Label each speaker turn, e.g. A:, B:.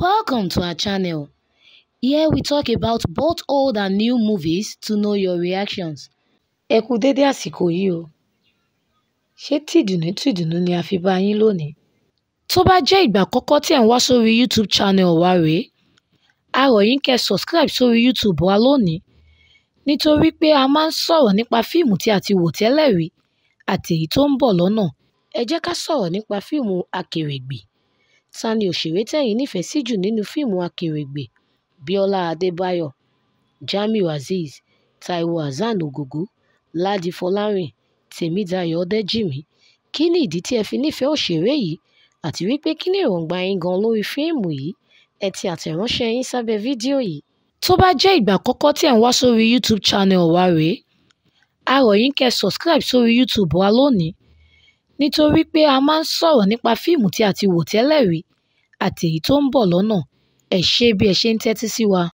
A: Welcome to our channel. Here we talk about both old and new movies to know your reactions. Ẹ kú dédé àsìkò yìí o. Ṣé tìdùnnú tìdùnnú ni a fi bá yín lónìí? Tó bá jẹ́ ìgbà àkọ́kọ́ tí ẹ̀ ń wá sórí YouTube channel wa rèé, a rọ̀ yín kẹ́ subscribe sórí YouTube wa lónìí nítorí pé a máa ń sọ̀rọ̀ nípa fíìmù tí a ti wò tẹ́lẹ̀ rí àti èyí tó ń bọ̀ lọ́nà. Ẹ jẹ́ ká sọ̀rọ̀ nípa fíìmù Akèrègbè. Ta ni òṣèré tẹ́yin nífẹ̀ẹ́ sí jù nínú fíìmù Akèrègbè? biola Adébáyò, Jamiu Azeez, Taiwo Hassan Ogogo, Ládi Fọlárìn, Tèmídayọ̀ Ọdẹ́jìmí. Kí ni ìdí tí ẹ fi nífẹ̀ẹ́ òṣèré yìí àti wípé kí ni èròǹgbà yín gan-an lórí fíìmù yìí? Ẹ ti àtẹ̀ránṣẹ́ yín sábẹ́ fídíò yìí. Tó bá jẹ́ ìgbà àkọ́kọ́ tí ẹ̀ ń wá sórí YouTube channel wa rèé, a rọ̀ yín kí subscribe sórí YouTube wa lónìí nítorí pé a máa ń sọ̀rọ̀ nípa fíìmù tí a ti wò tẹ́lẹ̀ rí àti èyí tó ń bọ̀ lọ́nà, ẹ ṣé bí ẹ ṣe ń tẹ́tí sí wa!